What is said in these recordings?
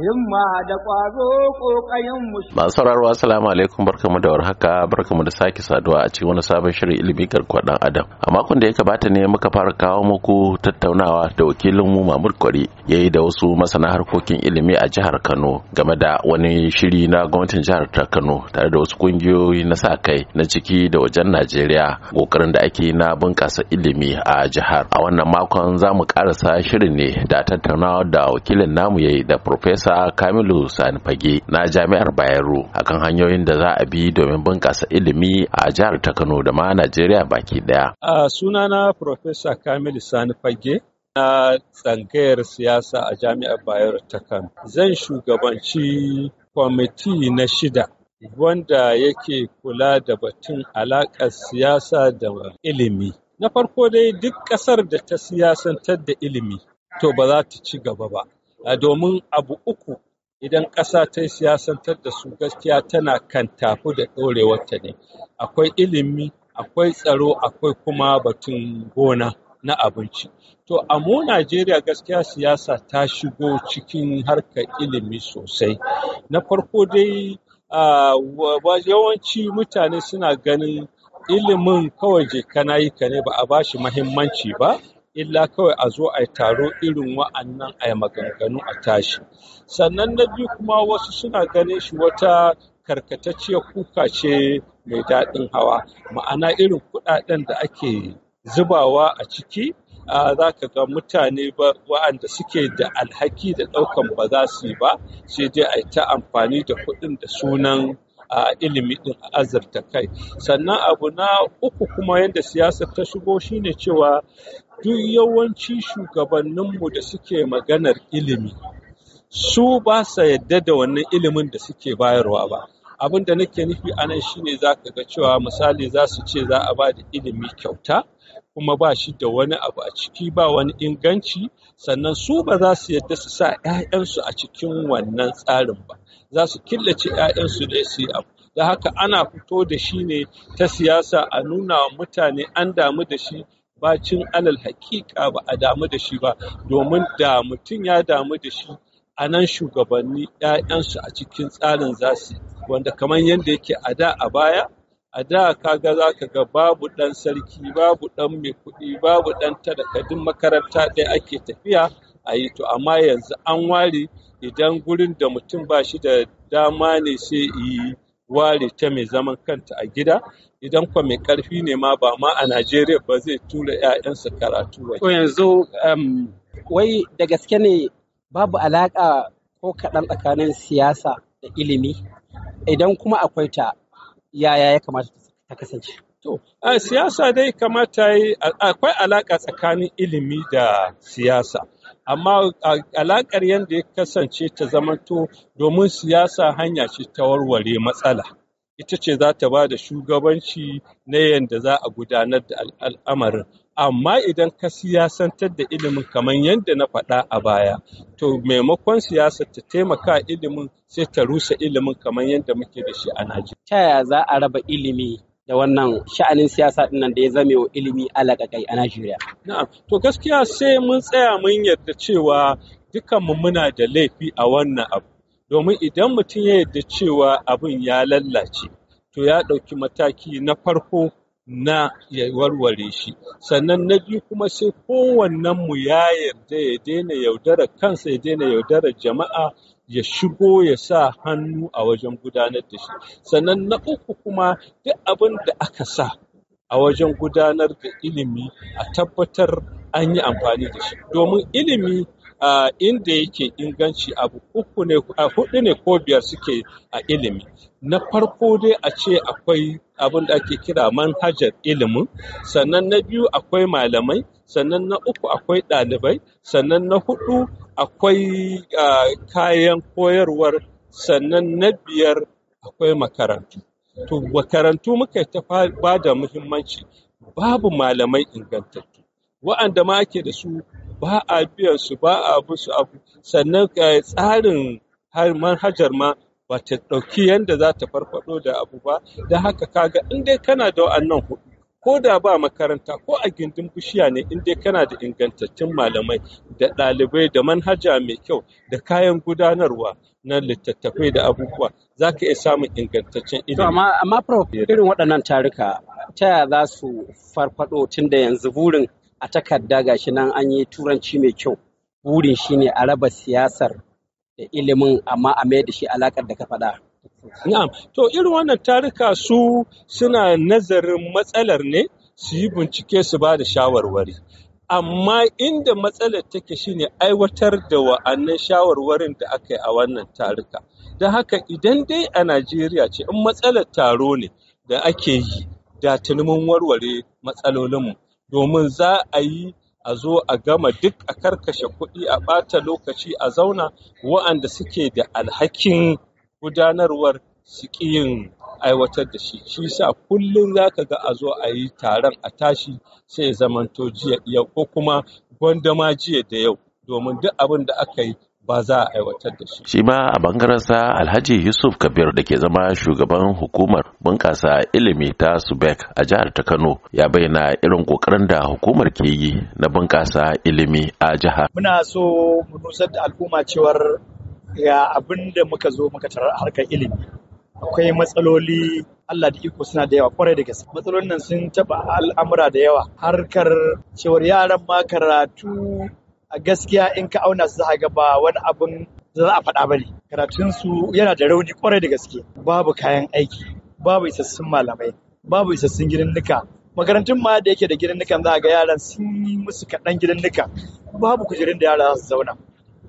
himma da ƙwazo ƙoƙayen musu. Masu sauraro assalamu alaikum barkamu da warhaka barkamu da sake saduwa a cikin wani sabon shirin ilimi garkuwar ɗan adam. A makon da ya gabata ne muka fara kawo muku tattaunawa da wakilinmu Mahmud Kwari ya yi da wasu masana harkokin ilimi a jihar Kano game da wani shiri na gwamnatin jihar ta Kano tare da wasu ƙungiyoyi na sa kai na ciki da wajen Najeriya ƙoƙarin da ake na bunƙasa ilimi a jihar. A wannan makon za mu ƙarasa shirin ne da tattaunawa da wakilin namu ya yi da Professor sa Kamilu Sani Fage na Jami'ar Bayero akan hanyoyin da za a bi domin bunƙasa ilimi a jihar ta Kano da ma Najeriya baki ɗaya. A sunana Profesa Kamilu Sani Fage na tsangayar siyasa a Jami'ar Bayero ta Kano. Zan shugabanci kwamiti na shida wanda yake kula da batun alaƙar siyasa da ilimi. Na farko dai duk ƙasar da ta siyasantar da ilimi to ba za ta ci gaba ba. domin abu uku idan ƙasa ta siyasantar da su gaskiya tana kan tafi da ɗorewarta ne akwai ilimi akwai tsaro akwai kuma batun gona na abinci to a mu najeriya gaskiya siyasa ta shigo cikin harkar ilimi sosai na farko dai yawanci mutane suna ganin ilimin kawai je kana yi ka ne ba a bashi mahimmanci ba illa kawai a zo a yi taro irin wa'annan a yi maganganu a tashi sannan na biyu kuma wasu suna ganin shi wata karkatacciyar kuka ce mai daɗin hawa ma'ana irin kuɗaɗen da ake zubawa a ciki za ka ga mutane wa'anda suke da alhaki da ɗaukan ba za su yi ba sai dai a yi ta amfani da kuɗin da sunan a ilimi din azurta kai sannan abu na uku kuma yadda siyasar ta shigo shine cewa duk yawanci shugabanninmu da suke maganar ilimi su ba sa yadda da wannan ilimin da suke bayarwa ba abin da nake nufi anan shine za ka ga cewa misali za su ce za a ba da ilimi kyauta kuma ba shi da wani abu a ciki ba wani inganci sannan su ba za su yadda su sa 'ya'yansu a cikin wannan tsarin ba za su killace 'ya'yansu da su abu da haka ana fito da shi ne ta siyasa a nuna wa mutane an damu da shi ba cin alal hakika ba a damu da shi ba domin da mutum ya damu da shi a nan shugabanni 'ya'yansu a cikin tsarin zasu wanda kamar yadda yake a da a baya a da kaga zaka ga babu ɗan sarki babu ɗan mai kuɗi babu ɗan talaka makaranta ɗaya ake tafiya a yi to amma yanzu an ware idan gurin da mutum ba shi da dama ne sai yi ware ta mai zaman kanta a gida idan kwa mai karfi ne ma ba ma a Najeriya ba zai tura 'ya'yansa karatu wai. yanzu um, wai da gaske ne babu alaƙa ko kaɗan tsakanin siyasa da ilimi idan kuma akwai ta yaya ya kamata ta kasance to siyasa dai kamata yi akwai alaƙa tsakanin ilimi da siyasa amma alaƙar yadda ya kasance ta zamanto domin siyasa hanya ce ta warware matsala ita ce za ta ba da shugabanci na yadda za a gudanar da al'amarin. Amma idan ka siyasantar da ilimin kamar yadda na faɗa a baya, to maimakon siyasar ta taimaka ilimin sai ta rusa ilimin kamar yadda muke da shi a Najeriya. Ta yaya za a raba ilimi da wannan sha'anin siyasa ɗin da ya zame wa ilimi alaƙaƙai a Najeriya? Na'am, to gaskiya sai mun tsaya mun yarda cewa dukanmu muna da laifi a wannan abu. domin idan mutum ya yarda cewa abin ya lallace to ya ɗauki mataki na farko na ya warware shi sannan na biyu kuma sai kowannen mu ya yarda ya daina yaudarar kansa ya daina yaudarar jama'a ya shigo ya sa hannu a wajen gudanar da shi sannan na uku kuma duk abin da aka sa a wajen gudanar da ilimi a tabbatar an yi amfani da shi domin ilimi uh, inda yake inganci abu uku ne hudu ne ko biyar suke a ilimi na farko dai a ce akwai abin da ake kira manhajar ilimin sannan na biyu akwai malamai sannan na uku akwai ɗalibai sannan na hudu akwai uh, kayan koyarwar sannan na biyar akwai makarantu to makarantu muka ta ba muhimmanci babu malamai ingantattu wa'anda ma ake da su ba a biyan su ba a su abu sannan tsarin manhajar ma ba ta ɗauki yadda za ta farfado da abu ba da haka kaga in dai kana da wa'annan hudu ko da ba makaranta ko a gindin bishiya ne in dai kana da ingantattun malamai da ɗalibai da manhaja mai kyau da kayan gudanarwa na littattafai da abubuwa za ka iya samun ingantaccen ilimi. amma amma irin waɗannan tarika ta za su farfado tun da yanzu burin a takarda ga shi nan an yi turanci mai kyau burin shi ne a raba siyasar da ilimin amma a mai da shi alakar da ka faɗa. Na'am, to irin wannan tarika su suna nazarin matsalar ne su yi bincike su ba da shawarwari. Amma inda matsalar take shi ne aiwatar da wa'annan shawarwarin da aka yi a wannan tarika. Don haka idan dai a Najeriya ce in matsalar taro ne da ake yi da tunumin warware matsalolinmu. domin za a yi a zo a gama duk a karkashe kuɗi a ɓata lokaci a zauna wa'anda suke da alhakin gudanarwar su yin aiwatar da shi shi sa kullum za ka ga a zo a yi taron a tashi sai zamanto jiya yau ko kuma gwandama jiya da yau domin duk abin da aka yi ba za a aiwatar da shi. Shi ma a bangarensa Alhaji Yusuf Kabir da ke zama shugaban hukumar bunƙasa ilimi ta Subek a jihar ta Kano ya bayyana irin ƙoƙarin da hukumar ke yi na bunƙasa ilimi a jihar. Muna so mu nusar da al'umma cewar ga abin da muka zo muka tarar harkar ilimi. Akwai matsaloli Allah da iko suna da yawa kwarai da gaske. Matsalolin nan sun taɓa al'amura da yawa harkar cewar yaran ma karatu a gaskiya in ka auna su za ga ba wani abun za a faɗa bane. ne. Karatunsu yana da rauni kwarai da gaske. Babu kayan aiki, babu isassun malamai, babu isassun gidan nika. Makarantun ma da yake da gidan nikan za a ga yaran sun yi musu kaɗan gidan nika. Babu kujerun da yara za su zauna.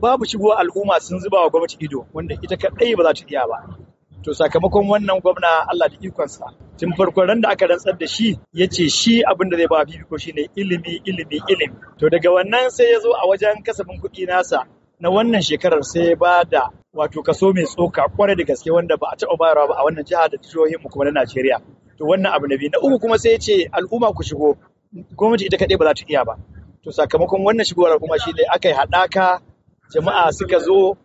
Babu shigo al'umma sun zuba wa gwamnati ido wanda ita kaɗai ba za ta iya ba. to sakamakon wannan gwamna Allah da ikonsa tun farko ran da aka rantsar da shi ya ce shi abin da zai ba shi ne ilimi ilimi ilimi to daga wannan sai ya zo a wajen kasafin kuɗi nasa na wannan shekarar sai ya ba da wato kaso mai tsoka kwarai da gaske wanda ba a taɓa bayarwa ba a wannan jiha da jihohin mu kuma na Najeriya to wannan abu na biyu na uku kuma sai ya ce al'umma ku shigo gwamnati ita kaɗai ba za ta iya ba to sakamakon wannan shigowar kuma shi ne aka yi haɗaka jama'a suka zo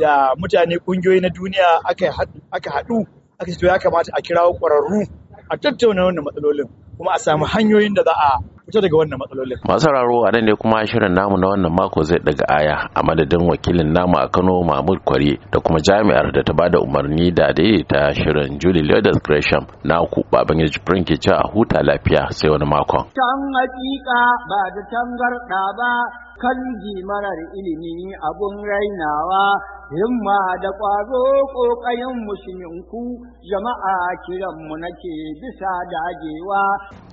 da mutane kungiyoyi na duniya aka haɗu aka ce to ya kamata a kirawo ƙwararru a tattauna wannan matsalolin kuma a samu hanyoyin da za a fito daga wannan matsalolin. Masu raro a nan ne kuma shirin namu na wannan mako zai daga aya a madadin wakilin namu a Kano Mahmud Kwari da kuma jami'ar da ta ba da umarni da daidaita shirin Julie Leathers Gresham na ku baban yaji ke ya a huta lafiya sai wani makon. Can hakika ba da tangarɗa ba kan marar ilimi abun rainawa himma da ƙwazo ƙoƙayen musulminku jama'a kiranmu nake bisa dagewa